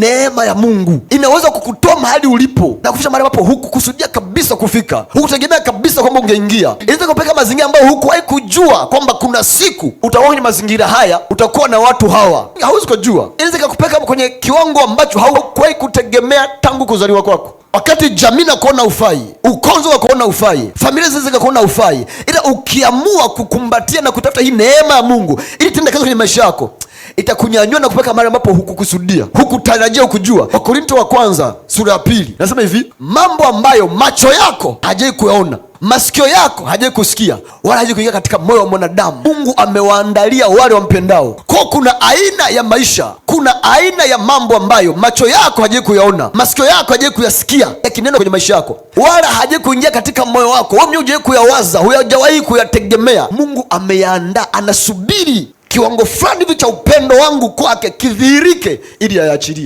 Neema ya Mungu inaweza kukutoa mahali ulipo na kufisha mahali ambapo hukukusudia kabisa kufika, hukutegemea kabisa kwamba ungeingia. Inaweza kupeleka mazingira ambayo hukuwahi kujua kwamba kuna siku utakuwa kwenye mazingira haya, utakuwa na watu hawa, hauwezi kujua. Inaweza ikakupeleka kwenye kiwango ambacho haukuwahi kutegemea tangu kuzaliwa kwako wakati jamii na kuona ufai, ukonzo wa kuona ufai, familia zinaweza kuona ufai, ila ukiamua kukumbatia na kutafuta hii neema ya Mungu ili tenda kazi kwenye maisha yako itakunyanyua na kupeka mahali ambapo hukukusudia, hukutarajia, hukujua. Wakorinto wa kwanza sura ya pili nasema hivi, mambo ambayo macho yako hajai kuyaona masikio yako hajai kusikia wala hajai kuingia katika moyo wa mwanadamu, Mungu amewaandalia wale wampendao. Kwa kuna aina ya maisha, kuna aina ya mambo ambayo macho yako hajai kuyaona, masikio yako hajai kuyasikia yakinena kwenye maisha yako, wala hajai kuingia katika moyo wako, wewe mwenyewe hujawahi kuyawaza, hujawahi kuyategemea. Mungu ameyaandaa, anasubiri kiwango fulani hivi cha upendo wangu kwake kidhihirike, ili ayachilie.